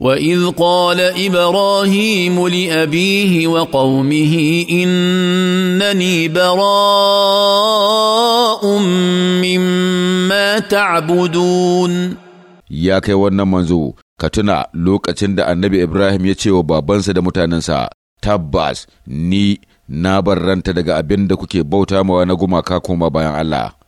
wa قال ابراهيم لابيه وقومه انني براء مما تعبدون يا kai wannan manzo ka tuna lokacin da annabi ibrahim ya ce wa babansa da mutanensa tabbas ni na barranta daga abin da kuke bauta mawa na gumaka kuma bayan allah